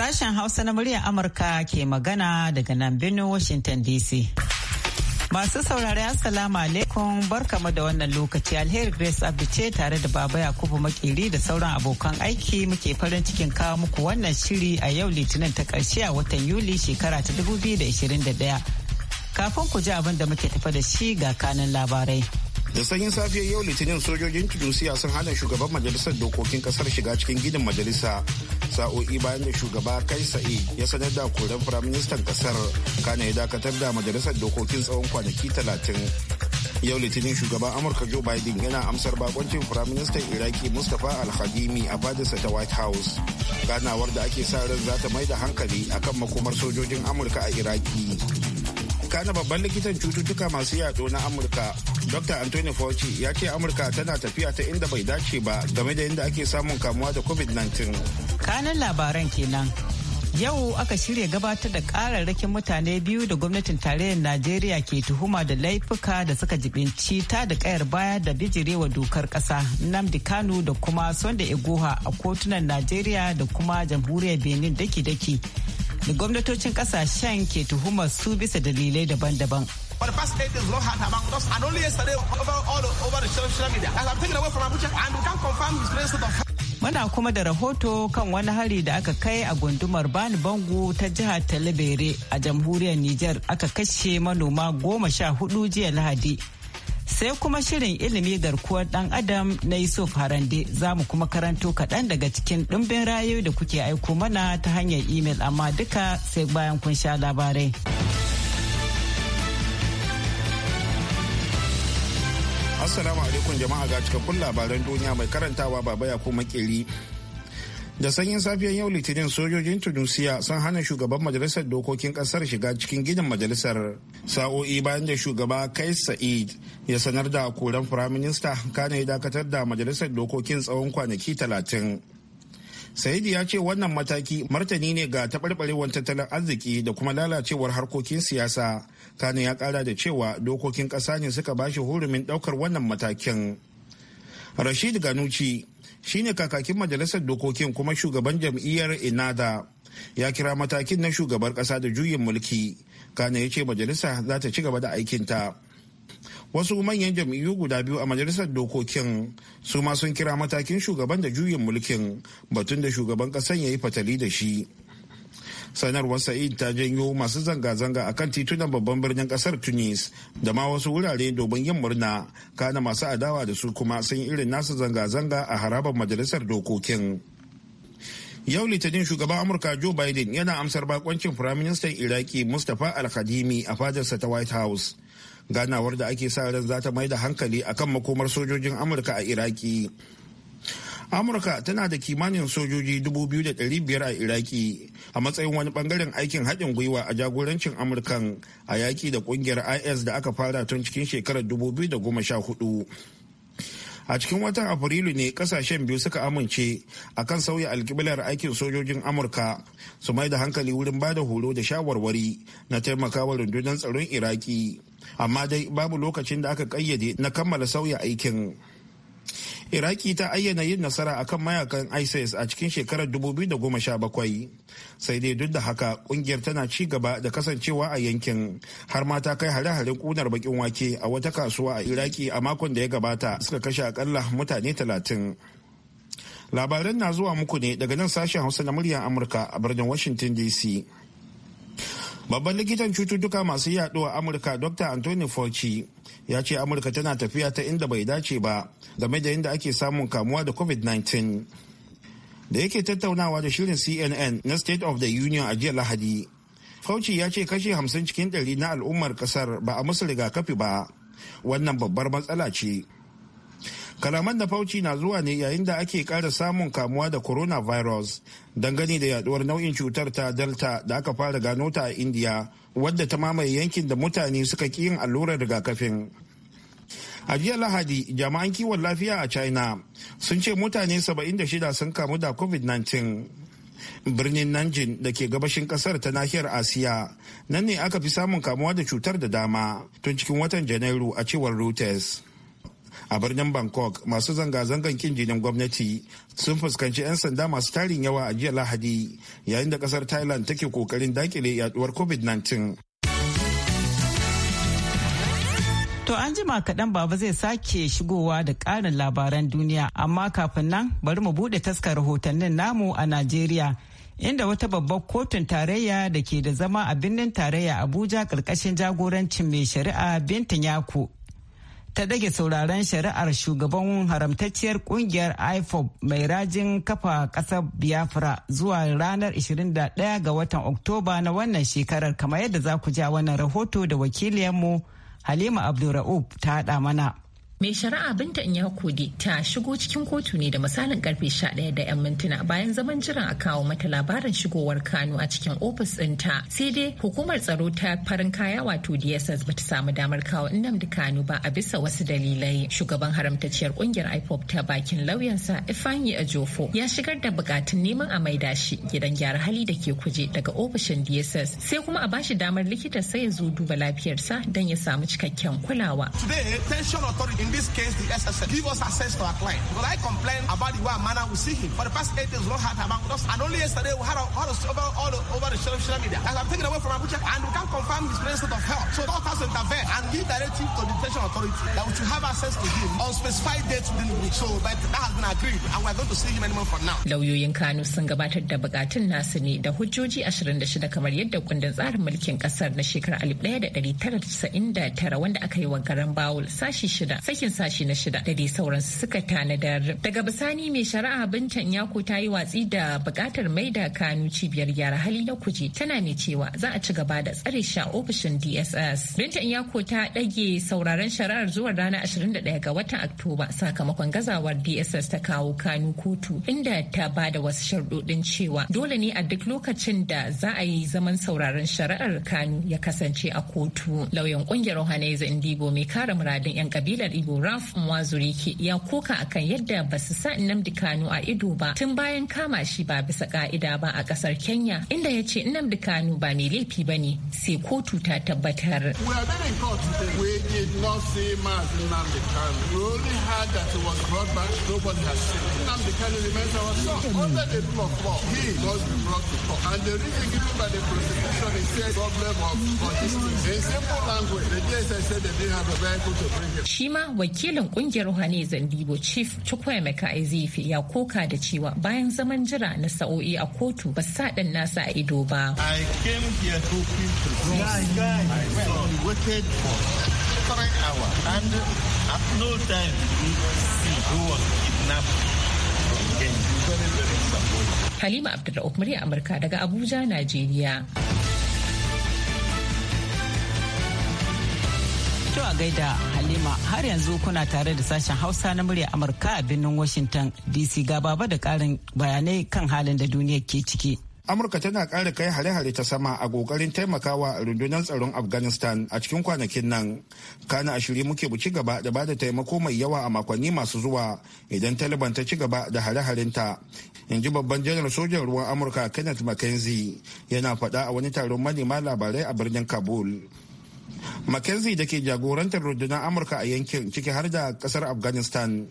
Sashen Hausa na muryar Amurka ke magana daga nan binu Washington DC. Masu saurari Assalamu alaikum barkamu da wannan lokaci alheri Grace Abice tare da Baba Yakubu Makiri da sauran abokan aiki muke farin cikin kawo muku wannan shiri a yau Litinin ta karshe a watan Yuli shekara ta 2021. Kafin ku ji abin da muke tafa da shi ga kanin labarai. da sanyin safiyar yau litinin sojojin tunisia sun hana shugaban majalisar dokokin kasar shiga cikin gidan majalisa sa'o'i bayan da shugaba kai sa'i ya sanar da koren firaministan kasar kana ya dakatar da majalisar dokokin tsawon kwanaki talatin yau litinin shugaban amurka joe biden yana amsar bakoncin firaministan iraki mustapha alhadimi a fadisa ta white house ganawar da ake sa ran za ta mai da hankali akan makomar sojojin amurka a iraki kana babban likitan cututtuka masu yaɗo na amurka dr anthony fauci ya ce amurka tana tafiya ta inda bai dace ba game da inda ake samun kamuwa da covid-19 kanan labaran kenan. Yau aka shirya gabatar da kararrakin mutane biyu da gwamnatin tarayyar Najeriya ke tuhuma da laifuka da suka jibinci ta da kayar baya da bijirewa dokar kasa Nnamdi Kanu da kuma Sonda Egoha a kotunan Najeriya da kuma jamhuriyar Benin daki-daki. Da gwamnatocin kasashen ke tuhumar su bisa dalilai daban-daban. for the past eight days, Lord had among us, and only yesterday, over all the, over the social media. As I'm taking away from Abuja, and we can confirm his presence of the Muna kuma da rahoto kan wani hari da aka kai a gundumar Bani Bangu ta jihar Talabere a jamhuriyar Nijar aka kashe manoma goma sha hudu jiya Lahadi. Sai kuma shirin ilimi garkuwar ɗan Adam na Yusuf Harande za mu kuma karanto kaɗan daga cikin ɗumbin rayu da kuke aiko mana ta hanyar imel amma duka sai bayan kun sha labarai. Assalamu alaikum jama'a ga cikakkun labaran duniya mai karantawa baba ya ko makeri. Da sanyin safiyar yau litinin sojojin Tunisia sun hana shugaban majalisar dokokin kasar shiga cikin gidan majalisar sa'o'i bayan da shugaba kai Sa'id ya sanar da koran firaminista kane ya dakatar da majalisar dokokin tsawon kwanaki talatin. Sa'id ya ce wannan mataki martani ne ga taɓarɓarewar tattalin arziki da kuma lalacewar harkokin siyasa kano ya kara da cewa dokokin kasa ne suka bashi hurumin daukar wannan matakin rashid ganuci shine kakakin majalisar dokokin kuma shugaban jam'iyyar inada ya kira matakin na shugabar kasa da juyin mulki kana ya ce majalisa za ta ci gaba da aikinta wasu manyan jam'iyyu guda biyu a majalisar dokokin su ma sun kira matakin shugaban da juyin mulkin batun da shugaban kasan ya yi fatali da shi sanarwar sa'id ta janyo masu zanga-zanga a kan titunan babban birnin kasar tunis da ma wasu wurare domin yin murna kana masu adawa da su kuma sun irin nasu zanga-zanga a harabar majalisar dokokin yau litinin shugaban amurka joe biden yana amsar bakoncin firaministan iraki mustapha alkhadimi khadimi a fadarsa ta white house ganawar da ake sa ran za ta mai da hankali akan makomar sojojin amurka a iraki amurka tana da kimanin sojoji 2,500 a iraki a matsayin wani bangaren aikin haɗin gwiwa a jagorancin amurkan a yaƙi da ƙungiyar is da aka fara tun cikin shekarar 2014 a cikin watan afrilu ne kasashen biyu suka amince a kan sauya alkiblar aikin sojojin amurka su mai da hankali wurin ba da horo da shawarwari na taimakawa rundunar tsaron iraki amma dai babu lokacin da aka kayyade na kammala sauya aikin iraki ta ayyana yin nasara akan mayakan isis a cikin shekarar 2017 sai dai duk da haka kungiyar tana ci gaba da kasancewa a yankin har ma ta kai hare-haren kunar bakin wake a wata kasuwa a iraki a makon da ya gabata suka kashe akalla mutane 30 labaran na zuwa muku ne daga nan sashen hausa na muryar amurka a birnin washington dc babban likitan cututtuka masu yaduwa amurka dr anthony fauci ya ce amurka tana tafiya ta inda bai dace ba game da inda ake samun kamuwa da covid-19 da yake tattaunawa da shirin cnn na state of the union a jiya lahadi fauci ya ce kashi 50 cikin 100 na al'ummar kasar ba a musu rigakafi ba wannan babbar matsala ce kalaman na fauci na zuwa ne yayin da ake kara samun kamuwa da coronavirus dangane da yaduwar nau'in cutar ta delta da aka fara gano ta a india wadda ta mamaye yankin da mutane suka ki yin allurar rigakafin a jiya lahadi jama'an kiwon lafiya a china sun ce mutane 76 sun kamu da covid-19 birnin nanjin da ke gabashin kasar ta nahiyar asiya nan ne aka fi samun kamuwa da cutar da dama tun cikin watan janairu a cewar reuters a birnin bangkok masu zanga-zangan kin jinin gwamnati sun fuskanci 'yan sanda masu tarin yawa a jiya lahadi yayin da kasar thailand take kokarin dakile yaduwar covid-19 To an jima kaɗan baba zai sake shigowa da ƙarin labaran duniya amma kafin nan bari mu buɗe taskar rahotannin namu a Najeriya inda wata babbar kotun tarayya da ke da zama a birnin tarayya Abuja ƙarƙashin jagorancin mai shari'a Binta Yako ta dage sauraron shari'ar shugaban haramtacciyar kungiyar ifob mai rajin kafa kasar biafra zuwa ranar 21 ga watan oktoba na wannan shekarar kamar yadda za ku ja wannan rahoto da wakiliyarmu halima abdulra'ub ta haɗa mana Mai shari'a Binta in ya Inyakode ta shigo cikin kotu ne da misalin karfe 11 da 'yan mintuna bayan zaman jiran a kawo mata labarin shigowar Kano a cikin ofis ɗinta. Sai dai hukumar tsaro ta farin kaya wato DSS bata samu damar kawo Nnamdi Kano ba a bisa wasu dalilai. Shugaban haramtacciyar kungiyar IPOP ta bakin lauyansa Ifanyi Ajofo ya shigar da bukatun neman a maida shi gidan gyara hali da ke kuje daga ofishin DSS sai kuma a bashi damar likita sai ya zo duba lafiyarsa don ya samu cikakken kulawa. in this case, the SSL, give us access to our client. Because I complain about the way manner we see him. For the past eight days, we don't have about us. And only yesterday, we had a, all, us, over, all the over the social media. And I'm taken away from Abuja, and we can't confirm his present of health. So the doctors intervene and give directive to the detention authority that we should have access to him on specified dates within the week. So but that has been agreed, and we're going to see him anymore for now. Lauyoyin Kano sun gabatar da bukatun nasu ne da hujjoji 26 kamar yadda kundin tsarin mulkin kasar na shekarar 1999 wanda aka yi wa garan bawul sashi shida sai aikin sashi na shida da dai sauransu suka tanadar. Daga bisani mai shari'a binta Yako ta yi watsi da bukatar maida Kanu cibiyar gyara hali na kuje tana mai cewa za a ci gaba da tsare shi a ofishin DSS. binta nyako ta ɗage sauraron shari'ar zuwa ranar 21 ga watan Oktoba sakamakon gazawar DSS ta kawo Kanu kotu inda ta ba da wasu sharuɗoɗin cewa dole ne a duk lokacin da za a yi zaman sauraron shari'ar Kanu ya kasance a kotu. Lauyan ƙungiyar Ohanaeze Indigo mai kare muradin 'yan kabilar Igbo Enugu Ralph Mwazurike ya koka akan yadda ba su sa Nnamdi Kanu a ido ba tun bayan kama shi ba bisa ka'ida ba a kasar Kenya inda ya ce Nnamdi Kanu ba mai laifi ba ne sai kotu ta tabbatar. Shima wakilin kungiyar ruhani zandibo chief chukwuemeka ezefe ya koka da cewa bayan zaman jira na sa'o'i a kotu ba sa dan nasa a ido ba Halima Abdulrauf murya Amurka daga Abuja, Najeriya. To a gaida Halima har yanzu kuna tare da sashen Hausa na murya Amurka a birnin Washington DC ga baba da karin bayanai kan halin da duniya ke ciki. Amurka tana ƙara kai hare-hare ta sama a ƙoƙarin taimakawa rundunar tsaron Afghanistan a cikin kwanakin nan. Kana ashiri muke bu ci gaba da bada taimako mai yawa a makonni masu zuwa idan Taliban ta ci gaba da hare-harenta. In ji babban janar sojan ruwan Amurka Kenneth McKenzie yana faɗa a wani taron manema labarai a birnin Kabul. mackenzie da ke jagorantar rundunar amurka a yankin ciki har da kasar afghanistan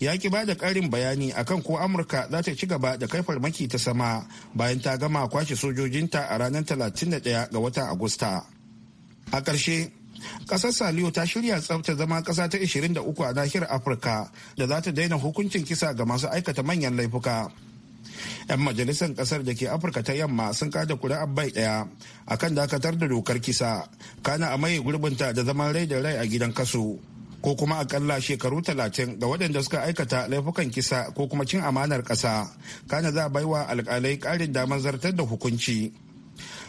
ya ki ba da karin bayani akan ko amurka za ta ci gaba da kai farmaki ta sama bayan ta gama kwashe sojojinta a ranar 31 ga watan agusta a ƙarshe ƙasar saliyo ta shirya tsabta zama ƙasa ta 23 a nahiyar afirka da za ta daina hukuncin kisa ga masu aikata manyan laifuka 'yan majalisar kasar da ke afirka ta yamma sun kada kuri'ar bai daya a kan dakatar da dokar kisa kana a maye gurbinta da zaman rai da rai a gidan kaso ko kuma akalla shekaru talatin ga waɗanda suka aikata laifukan kisa ko kuma cin amanar ƙasa kana za a baiwa alkalai ƙarin damar zartar da hukunci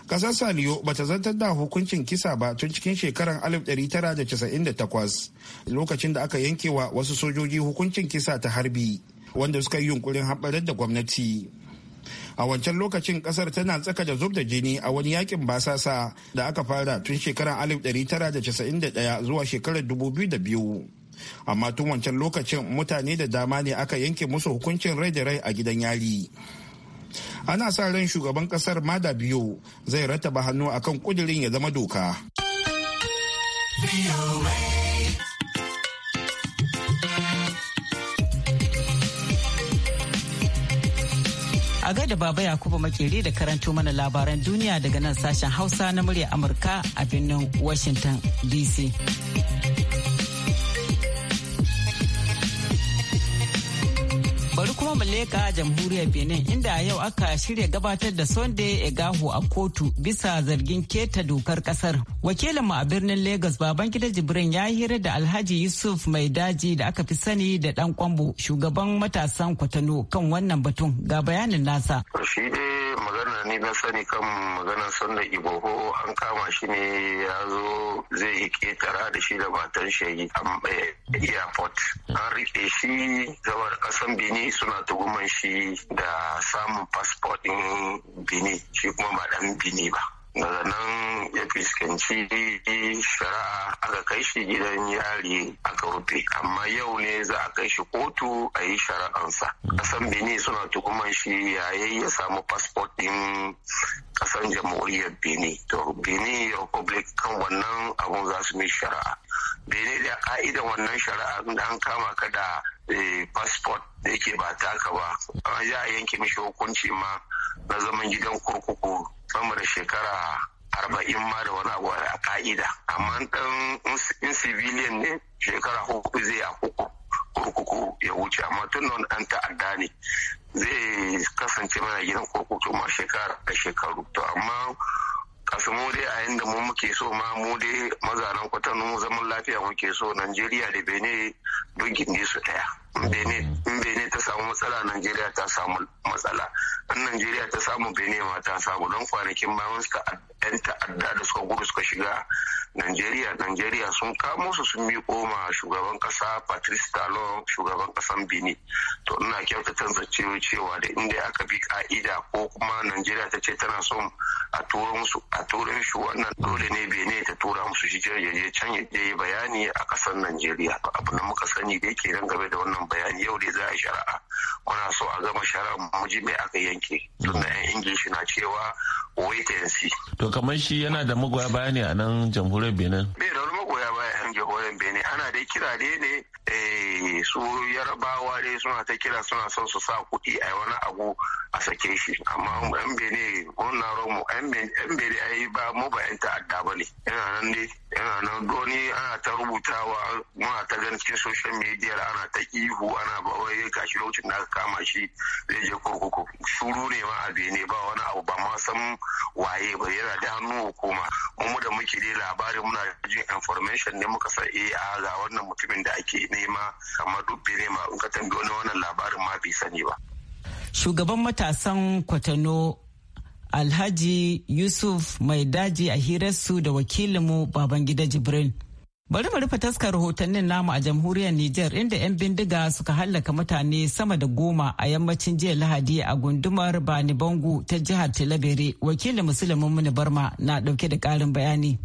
ƙasar saliyo ba ta zartar da hukuncin kisa ba tun cikin shekarar 1998 lokacin da aka yankewa wasu sojoji hukuncin kisa ta harbi wanda suka yi yunkurin haɓarar da gwamnati a wancan lokacin kasar tana tsaka da zub da jini a wani yakin basasa da aka fara tun shekarar 1991 zuwa shekarar 2002 amma tun wancan lokacin mutane da dama ne aka yanke musu hukuncin rai da rai a gidan yari ana sa ran shugaban kasar mada biyu zai rataba hannu akan kudirin ya zama doka. A gaida Baba Yakubu Makeri da karanto mana labaran duniya daga nan sashen Hausa na murya Amurka a birnin Washington DC. kuma mu leka jamhuriyar Benin inda yau aka shirya gabatar da Sunday Egahu a kotu bisa zargin keta dokar kasar. Wakilin mu a birnin Lagos Babangida Jibrin ya yi hira da Alhaji Yusuf Mai Daji da aka fi sani da Dan Kwambo shugaban matasan Kwatano kan wannan batun ga bayanin nasa. Shi dai ni na sani kan son sanda iboho an kama shi ne ya zo zai yi ketara da shi da matan shi eh, airport an rike shi zamar kasan bini suna tuguman shi da samun passport ɗin bini shi kuma ba ɗan bini ba daga nan ya fuskanci shari'a aka kai shi gidan yari aka rufe amma yau ne za a kai shi kotu a yi shari'ansa kasan benin suna tuhuman shi yayin ya samu fasfot din kasan jamhuriyar benin to benin republic kan wannan abun za su mai shari'a daidai da ka'idan wannan shari'a da an kama ka da fasfot eh, da yake ba taka ba a ya yanke mishi hukunci ma na zaman gidan kurkuku sama da shekara arba'in ma da wani abu a ka'ida amma dan in civilian ne shekara hudu zai a kurkuku ya wuce amma tun da an ta'adda ne zai kasance mana gidan kurkuku ma shekara da shekaru to amma kasu mu dai a yanda mu muke so ma mu dai mazanan kwatano zaman lafiya muke so Najeriya da Benin duk su daya. in bene ta samu matsala najeriya ta samu matsala in najeriya ta samu bene ma ta samu don kwanakin bayan suka yan ta'adda da suka gudu suka shiga najeriya najeriya sun kamo su sun miƙo ma shugaban kasa patrice talon shugaban kasan benin to ina kyautata zance cewa da inda aka bi ka'ida ko kuma najeriya ta ce tana son a tura musu a turan shi wannan dole ne bene ta tura musu shi jirgin can ya bayani a kasan najeriya abu da muka sani da yake nan game da wannan yin bayani yau ne za a shari'a muna so a gama shari'a mu ji me aka yanke tunda yan ingilishi na cewa wait and see to kamar shi yana da magoya bayani a nan jamhuriyar benin bai da wani magoya baya a jamhuriyar benin ana dai kira ne ne eh, su yarabawa ne suna ta kira suna son su sa kuɗi a wani abu a sake shi amma an bene gwamnan romo an bene ai ba mu ba yan ta'adda ba ne yana nan dai nan goni ana ta rubutawa muna ta gani cikin social media ana ta ihu ana ba wai gashi lokacin da aka kama shi zai je kurkuku shuru ne ma a bene ba wani abu ba ma san waye ba yana da hannu hukuma mu da muke dai labarin muna jin information ne muka san eh a ga wannan mutumin da ake nema amma duk bai nema in ka tambayi wani wannan labarin ma bai sani ba shugaban matasan kwatano Alhaji Yusuf Mai Daji a hirarsu da wakilinmu Babangida Jibril. Bari mu rufe taskar rahotannin namu a jamhuriyar Nijar inda 'yan bindiga suka hallaka mutane sama da goma a yammacin jiya Lahadi a gundumar Bani Bangu ta jihar Tilabere. Wakilin Musulmin Muni Barma na dauke da ƙarin bayani.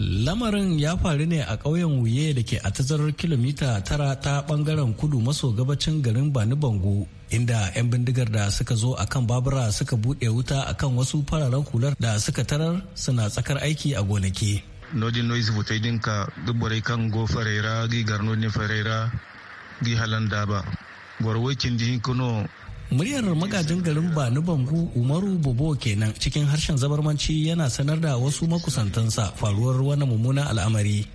Lamarin ya faru ne a ƙauyen Wuye da ke a tazarar kilomita tara ta bangaren kudu maso gabacin garin Bani Bango, inda 'yan bindigar da suka zo a kan babura suka buɗe wuta a kan wasu fararen kular da suka tarar suna tsakar aiki a gonaki. Nodin noise votai dinka dubbare kan go farera gi garno farera gi halanda ba. Gwarwakin dihin muryar magajin garin bani bangu umaru bobo kenan cikin harshen zabarmanci yana sanar da wasu makusantansa faruwar wani mummunan al'amari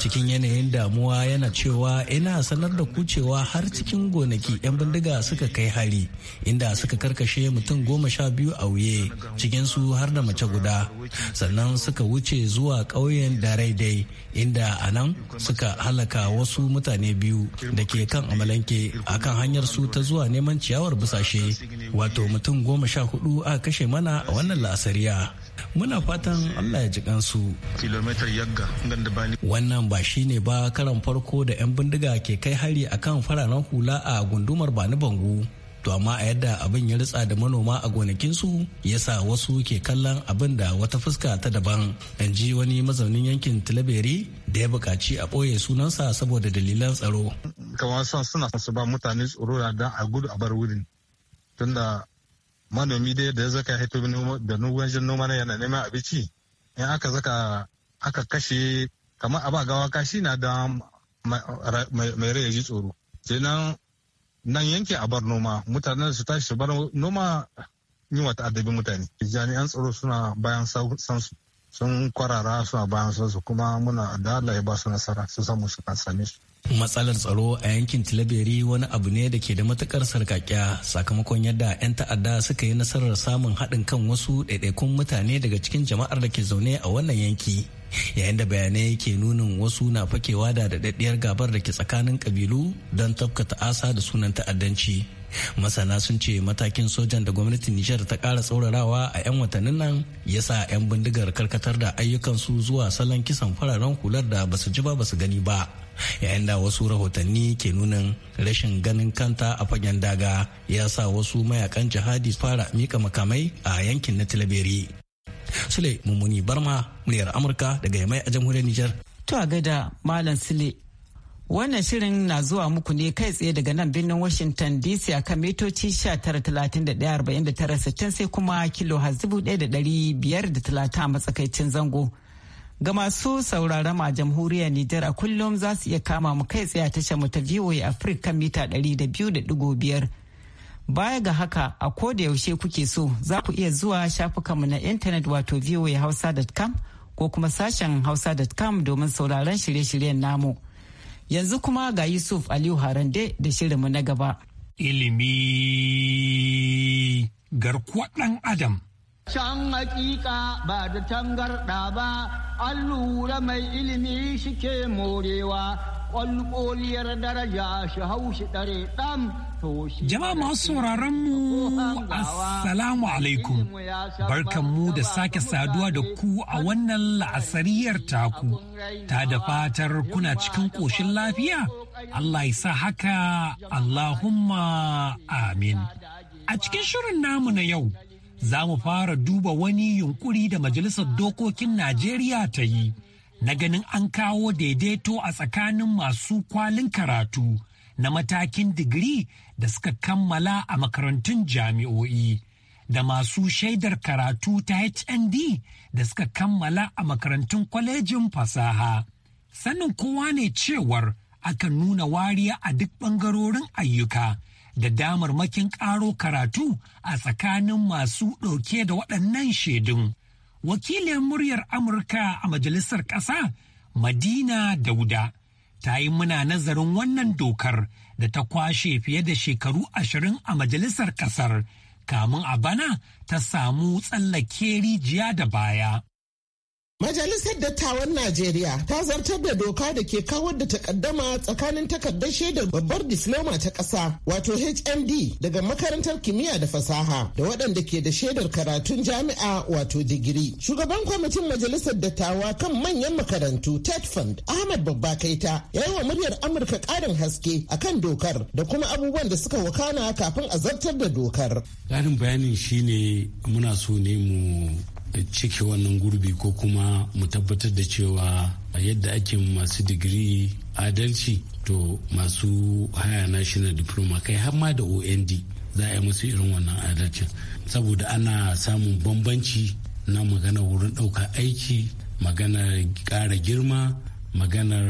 cikin yanayin damuwa yana cewa ina sanar da kucewa har cikin gonaki 'yan bindiga suka kai hari inda suka karkashe mutum goma sha biyu a wuye cikinsu har da mace guda sannan suka wuce zuwa ƙauyen daraidai inda a nan suka halaka wasu mutane biyu da ke kan amalanke a kan hanyar su ta zuwa neman ciyawar busashe wato mutum goma sha hudu a kashe mana a wannan la'asariya muna fatan Allah ya ji kansu. Kilometer yagga bani. Wannan ba shi ne ba karan farko da 'yan bindiga ke kai hari a kan fararen hula a gundumar Bani Bango. To amma a yadda abin ya ritsa da manoma a gonakinsu ya sa wasu ke kallon abin da wata fuska ta daban. In ji wani mazaunin yankin Tilaberi da ya bukaci a ɓoye sunansa saboda dalilan tsaro. Kamar suna su ba mutane tsoro da a gudu a bar wurin. Tunda manomi dai da zaka hito da jin noma na yana neman abinci in aka zaka aka kashe kamar a ba gawa kashi na da mai rai ji tsoro sai nan yanke a bar noma mutanen su tashi su bar noma yin wata adabi mutane jami'an tsaro suna bayan sansu sun kwarara suna bayan sansu kuma muna da Allah ya ba su nasara su samu su kan same su matsalar tsaro a yankin tilaberi wani abu ne da ke da matukar sarkakiya sakamakon yadda 'yan ta'adda suka yi nasarar samun haɗin kan wasu ɗaiɗaikun mutane daga cikin jama'ar da ke zaune a wannan yanki yayin da bayanai ke nunin wasu na fakewa da daɗaɗɗiyar gabar da ke tsakanin ƙabilu don tafka ta'asa da sunan ta'addanci masana sun ce matakin sojan da gwamnatin nijar ta kara tsaurarawa a 'yan watannin nan ya sa 'yan bindigar karkatar da ayyukansu zuwa salon kisan fararen hular da basu ji ba basu gani ba yayin da wasu rahotanni ke nunin rashin ganin kanta a fagen daga ya sa wasu mayakan jihadi fara mika makamai a yankin na tilaberi sule mummuni barma muryar amurka daga yamai a jamhuriyar nijar to a gada malam sule Wannan shirin na zuwa muku ne kai tsaye daga nan birnin Washington DC a kan mitoci 19,31,49 sai kuma kilo talata a matsakaicin zango. Ga masu sauraron a jamhuriyar Nijar a kullum za su iya kama mu kai tsaye a tashar mu ta VOA Africa mita 200.5. Baya ga haka a ko da yaushe kuke so za ku iya zuwa shafukanmu na intanet wato voahausa.com ko kuma sashen hausa.com domin sauraron shirye-shiryen namu. Yanzu kuma ga Yusuf Aliyu Harande da shirinmu na gaba. Ilimi garkuwa ɗan Adam. Can hakika ba da tangarɗa ba, an lura mai ilimi shike morewa, ƙwalƙoliyar daraja shi haushi ɗare ɗan Jama'a masu sauraron mu Assalamu alaikum, barkan mu da sake saduwa da ku a wannan la'asariyar taku, ta da fatar kuna cikin ƙoshin lafiya? Allah ya sa haka Allahumma amin. A cikin shirin namu na yau, za mu fara duba wani yunkuri da Majalisar Dokokin Najeriya ta yi na ganin an kawo daidaito a tsakanin masu kwalin karatu na matakin digiri da suka kammala a makarantun jami'o'i da masu shaidar karatu ta HND da suka kammala a makarantun kwalejin fasaha. Sannan kowa ne cewar akan nuna wariya a duk ɓangarorin ayyuka. da damarmakin ƙaro karatu a tsakanin masu ɗauke da waɗannan shaidun. Wakilin muryar Amurka a Majalisar Ƙasa, Madina Dauda, ta yi muna nazarin wannan dokar da ta kwashe fiye da shekaru ashirin a Majalisar Ƙasar, kamun a bana ta samu tsallake rijiya da baya. Majalisar Dattawan Najeriya ta zartar da doka da ke kawar da takaddama tsakanin takardar shaidar babbar disloma ta ƙasa wato HND daga makarantar kimiyya da fasaha da waɗanda ke da shaidar karatun jami'a wato digiri. Shugaban kwamitin Majalisar Dattawa kan manyan makarantu TED Fund Ahmad Babba Kaita ya yi wa muryar Amurka ƙarin haske akan dokar da kuma abubuwan da suka wakana kafin a zartar da dokar. Ƙarin bayanin shine muna so ne mu cike wannan gurbi ko kuma mu tabbatar da cewa a yadda ake masu digiri adalci to masu haya national diploma kai har ma da ond za a yi musu irin wannan adalcin saboda ana samun bambanci na maganar wurin ɗauka aiki maganar ƙara girma maganar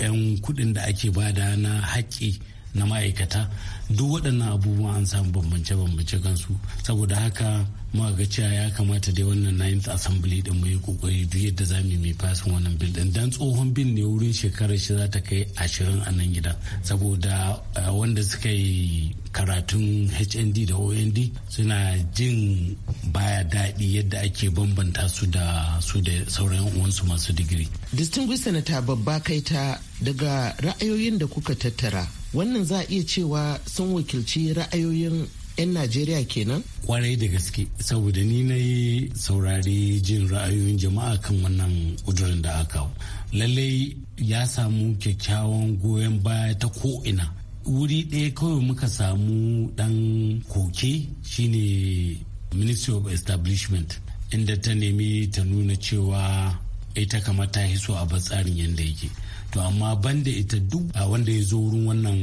'yan kuɗin da ake bada na haƙƙi na ma'aikata duk waɗannan abubuwan an samu bambance-bambance kansu saboda haka muka ga cewa ya kamata dai wannan ninth assembly din muyi kokari duk yadda za mu mai fasin wannan bil din dan tsohon bil ne wurin shekarar shi za ta kai ashirin a nan gida saboda eh, wanda suka yi karatun hnd da ond suna jin baya daɗi yadda ake bambanta su da su da sauran uwansu masu digiri distinguished senator babba kaita daga ra'ayoyin da kuka tattara wannan za a iya cewa sun wakilci ra'ayoyin 'yan najeriya kenan kwarai da gaske saboda ni na yi saurari jin ra'ayoyin jama'a kan wannan ƙudurin da aka lallai ya samu kyakkyawan goyon baya ta ko'ina wuri ɗaya kawai muka samu ɗan koke shine ministry of establishment inda ta nemi ta nuna cewa ita kamar ta hiso a tsarin yadda yake to amma banda ita duk a wanda ya zo wurin wannan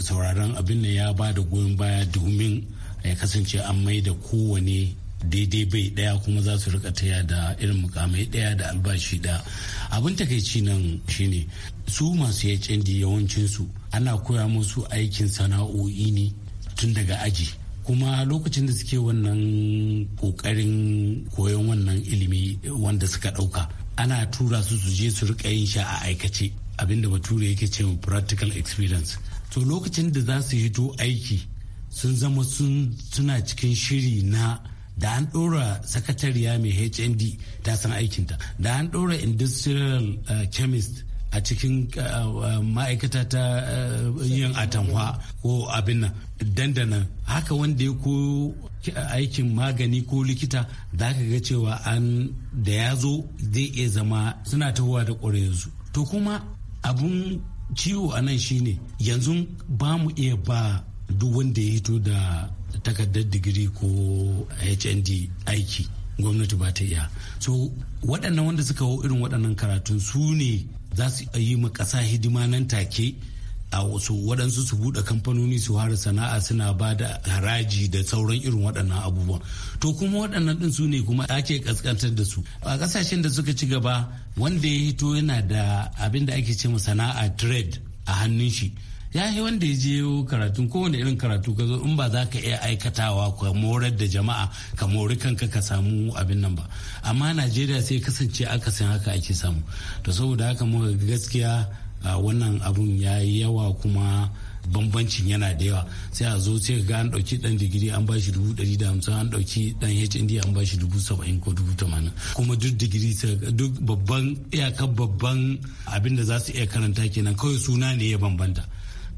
sauraron abin da ya ba da goyon baya domin ya kasance an mai da kowane daidai bai daya kuma za su rika taya da irin mukamai daya da albashi da abin takaici nan shine su masu ya canji yawancinsu ana koya musu aikin sana'o'i ne tun daga aji kuma lokacin da suke wannan kokarin koyon wannan ilimi wanda suka dauka ana tura su su je su rika yin sha a aikace abinda bature yake ce practical experience to lokacin da za su hito aiki sun zama suna cikin shiri na da an ɗora sakatariya mai hnd ta san aikinta da an ɗora industrial eh, chemist a cikin uh, ma'aikata ta uh, yin atamwa ko abin nan dandana haka wanda ya ko aikin magani ko likita za ka ga cewa an da ya zo zai iya zama suna tahowa da ƙwararru to kuma abun ciwo a nan shine yanzu ba mu iya ba duk wanda ya hito da takardar digiri ko hnd aiki gwamnati ba ta iya so waɗannan wanda suka hau irin waɗannan karatun su ne za su yi ma ƙasa hidima nan take a wasu waɗansu su buɗe kamfanoni su fara sana'a suna ba da haraji da sauran irin waɗannan abubuwan to kuma waɗannan ɗin su ne kuma ake ƙasƙantar da su a ƙasashen da suka ci gaba wanda ya hito yana da abin da ake ce sana'a trade a hannun shi ya yi wanda ya je karatun kowane irin karatu ka zo in ba za ka iya aikatawa ka morar da jama'a ka mori kanka ka samu abin nan ba amma najeriya sai kasance aka akasin haka ake samu to saboda haka muka gaskiya wannan abun ya yi yawa kuma bambancin yana da yawa sai a zo sai ga an dauki dan digiri an bashi dubu dari da hamsin an dauki dan hnd an bashi dubu saba'in ko dubu tamanin kuma duk digiri duk babban iyakar babban abin za su iya karanta kenan kawai suna ne ya bambanta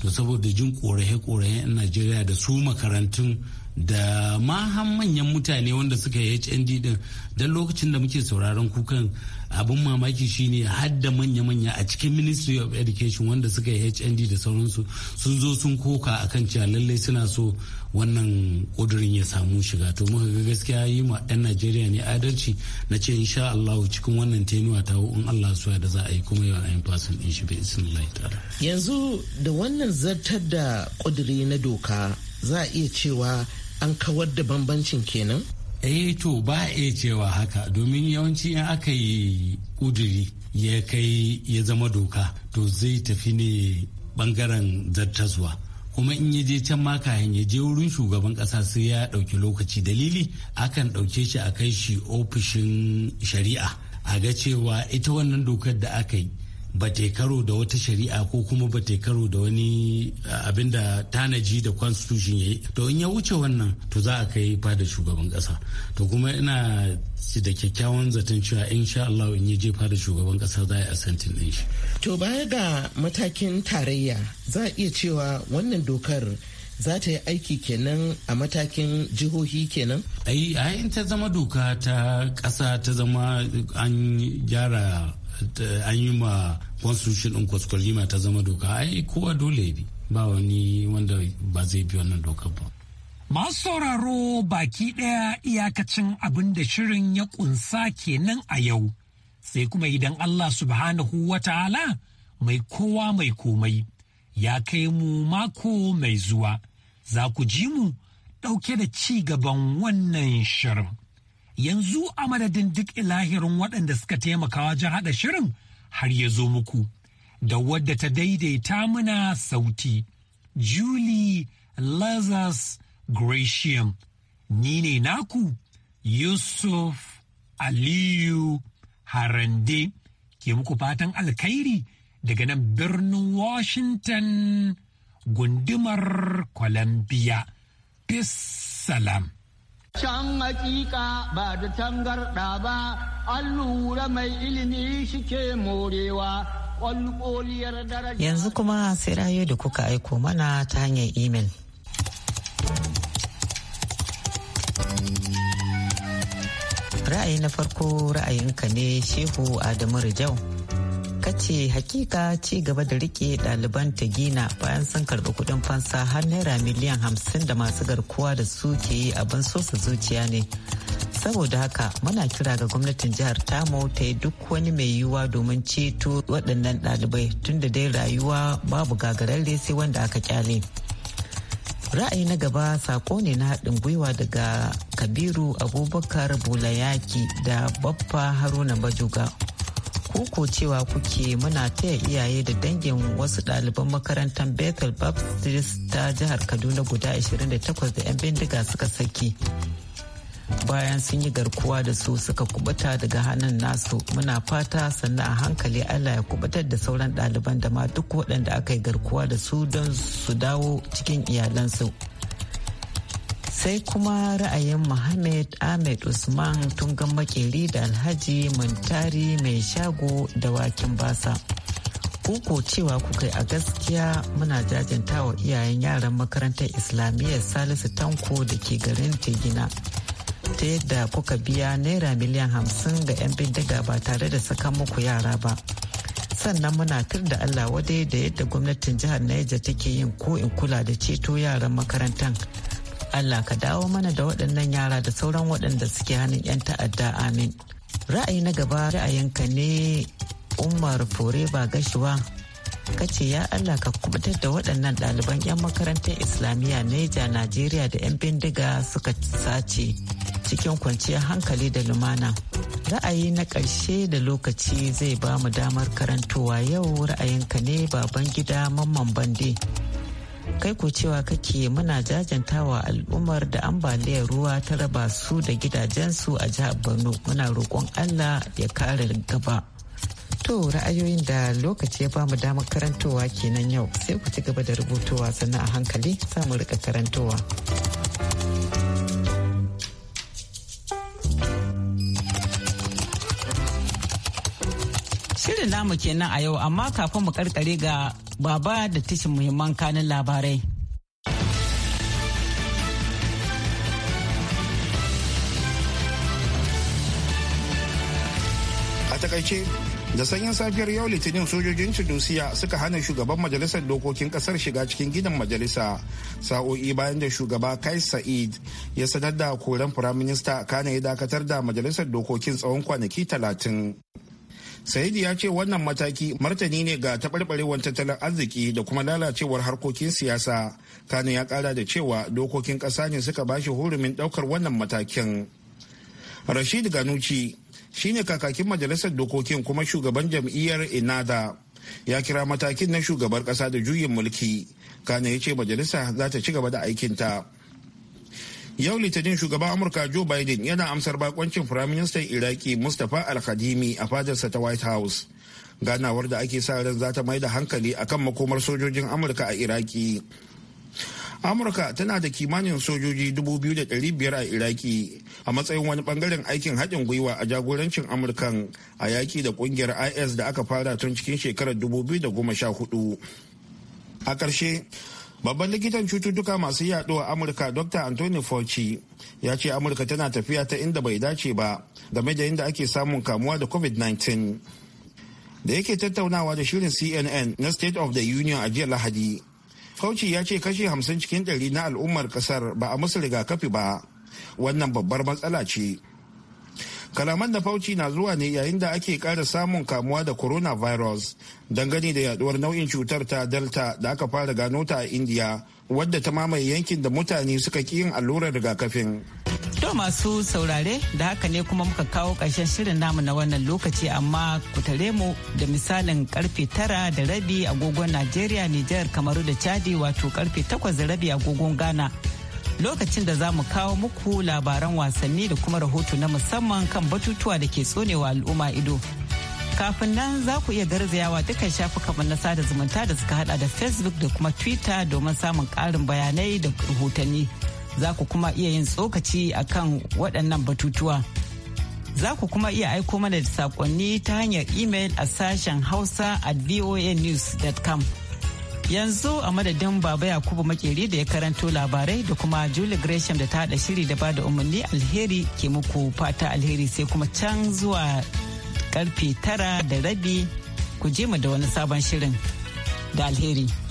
to saboda jin korahe-korahen 'yan najeriya da su makarantun da ma manyan mutane wanda suka yi hnd din don lokacin da muke sauraron kukan abin mamaki shine hadda manya-manya a cikin ministry of education wanda suka yi hnd da sauransu sun zo sun koka akan cewa lallai suna so wannan kudurin ya samu shiga to muka ga gaskiya yi ma 'yan najeriya ne adalci na ce insha Allah cikin wannan tenuwa ta in Allah su da za a yi kuma yawan ayin fasin din shi bai yanzu da wannan zartar da kuduri na doka za a iya cewa an kawar da bambancin kenan eh to ba iya cewa haka domin yawanci in aka yi kuduri ya kai ya zama doka to zai tafi ne bangaren zartaswa kuma in ya je can ma kayan ya je wurin shugaban kasa sai ya ɗauki lokaci dalili akan ɗauke shi a kai shi ofishin shari'a a ga cewa ita wannan dokar da aka yi ba ta karo da wata shari'a ko kuma ba ta karo da wani abin da tanaji da constitution ya yi to in ya wuce wannan to za a kai fada shugaban kasa to kuma ina da kyakkyawan zaton cewa insha Allah in ya je da shugaban kasa za a asantin din shi to baya ga matakin tarayya za a iya cewa wannan dokar za ta yi aiki kenan a matakin jihohi kenan? Ai, in ta zama doka ta ƙasa ta zama an gyara an yi ma constitution ɗin kwaskwarima ta zama doka ai kowa dole ne ba wani wanda ba zai bi wannan dokar ba. Masu sauraro baki ɗaya iyakacin abin da shirin ya ƙunsa kenan a yau, sai kuma idan Allah subhanahu wa ta'ala mai kowa mai komai ya kai mu mako mai zuwa, za ku ji mu ɗauke da ci gaban wannan shirin. yanzu a madadin duk ilahirin waɗanda suka taimaka wajen haɗa shirin har ya zo muku da wadda ta daidaita muna sauti julie lazarus gratium ni ne naku yusuf aliyu harande ke muku fatan alkhairi daga nan birnin washington gundumar columbia peace salam Can hakika ba da tangarɗa ba, an lura mai ilimi shike morewa. Yanzu kuma sai rayu da kuka aiko mana ta hanyar imel. Ra'ayi na farko ra'ayinka ne Shehu Adamu Rijau. ce hakika ci gaba da rike ɗaliban ta gina bayan sun karɓi kuɗin fansa har naira miliyan hamsin da masu garkuwa da su ke yi abin sosa zuciya ne saboda haka muna kira ga gwamnatin jihar tamo ta yi duk wani mai yiwuwa domin ceto waɗannan ɗalibai tunda dai rayuwa babu gagararre sai wanda aka kyale ra'ayi na gaba sako ne na haɗin gwiwa daga kabiru abubakar bulayaki da baffa haruna bajuga kuku cewa kuke muna taya iyaye da dangin wasu ɗaliban makarantar Bethel Baptist ta jihar Kaduna guda 28 da 'yan bindiga suka saki. Bayan sun yi garkuwa da su suka kubuta daga hannun nasu muna fata sannan a hankali Allah ya kubutar da sauran ɗaliban da ma duk waɗanda aka yi garkuwa da su don su dawo cikin iyalansu. sai kuma ra'ayin Muhammad Ahmed Usman tun tungan makeri da Alhaji Muntari mai shago da wakin basa. Kuko cewa kuka a gaskiya muna jajintawa wa iyayen yaran makarantar Islamiyyar Salisu Tanko da ke garin Tegina. ta yadda kuka biya naira miliyan hamsin ga 'yan bindiga ba tare da saka muku yara ba sannan muna tur da allah wadai da yadda gwamnatin jihar niger take yin ko in kula da ceto yaran makarantar Allah ka dawo mana da waɗannan yara da sauran waɗanda suke hannun 'yan ta'adda amin. Ra'ayi na gaba ra'ayinka ne Umar ba Gashuwa ka ce ya Allah ka kubutar da waɗannan ɗaliban 'yan makarantar Islamiyya Neja Najeriya da 'yan bindiga suka sace cikin kwanciyar hankali da lumana. Ra'ayi na ƙarshe da lokaci zai ba mu damar karantowa yau ra'ayinka ne baban gida mamman bande. kai ko cewa kake muna jajantawa al'ummar da ambaliyar ruwa ta raba su da gidajensu a jihar borno muna roƙon allah ya kare gaba to ra'ayoyin da lokaci ya bamu damar karantowa kenan yau sai ku ci gaba da rubutowa sannan a hankali samun rika karantowa Shirin namu kenan a yau amma kafin mu karkare ga baba da tashin muhimman kanin labarai. A takaice da sanyin safiyar yau litinin sojojin tunisia suka hana shugaban majalisar dokokin kasar shiga cikin gidan majalisa sa'o'i bayan da shugaba kai sa'id ya sanar da koren firaminista kana ya dakatar da majalisar dokokin tsawon kwanaki talatin sayidi ya ce wannan mataki martani ne ga taɓarɓarewar tattalin arziki da kuma lalacewar harkokin siyasa. Kano ya ƙara da cewa dokokin ƙasa ne suka bashi hurumin ɗaukar wannan matakin. Rashid Ganuci shi ne kakakin majalisar dokokin kuma shugaban jam'iyyar Inada. Ya kira matakin na shugabar ƙasa da juyin mulki. Kano ya ce majalisa za ta ci gaba da aikinta. Yau Litinin shugaban Amurka Joe Biden yana amsar bakoncin Firaministan Iraki Mustapha al a fadarsa ta White House. Ganawar da ake sa ran zata mai da hankali akan makomar sojojin Amurka a Iraki. Amurka tana da kimanin sojoji 2,500 a Iraki a matsayin wani bangaren aikin haɗin gwiwa a jagorancin Amurkan a yaƙi da ƙungiyar IS da aka fara tun cikin shekarar 2014. A ƙarshe, babban likitan cututtuka masu yaduwa amurka dr anthony fauci ya ce amurka tana tafiya ta inda bai dace ba game da inda ake samun kamuwa da covid-19 da yake tattaunawa da shirin cnn na state of the union a jiya lahadi fauci ya ce kashi 50 cikin 100 na al'ummar ƙasar ba a musu rigakafi ba wannan babbar matsala ce kalaman da fauci na zuwa ne yayin da ake kara samun kamuwa da coronavirus dangane da yaduwar nau'in cutar ta delta da aka fara gano ta a india wadda ta mamaye yankin da mutane suka ki yin allurar rigakafin to masu saurare da haka ne kuma muka kawo ƙarshen shirin namu na wannan lokaci amma ku tare mu da misalin karfe tara da rabi agogon najeriya nijar kamaru da chadi wato karfe takwas da rabi agogon ghana lokacin da za mu kawo muku labaran wasanni da kuma rahoto na musamman kan batutuwa da ke tsonewa al'umma ido. Kafin nan za ku iya garzayawa dukkan shafukan na sada zumunta da suka hada da Facebook da kuma Twitter domin samun ƙarin bayanai da rahotanni. Za ku kuma iya yin tsokaci a kan waɗannan batutuwa. za ku kuma iya aiko mana da saƙonni ta hanyar email a sashen hausa at voanews.com yanzu a madadin baba yakubu makeri da ya karanto labarai da kuma julie gresham da ta hada shiri da bada umarni alheri ke muku fata alheri sai kuma can zuwa karfe tara da rabi ku je mu da wani sabon shirin da alheri.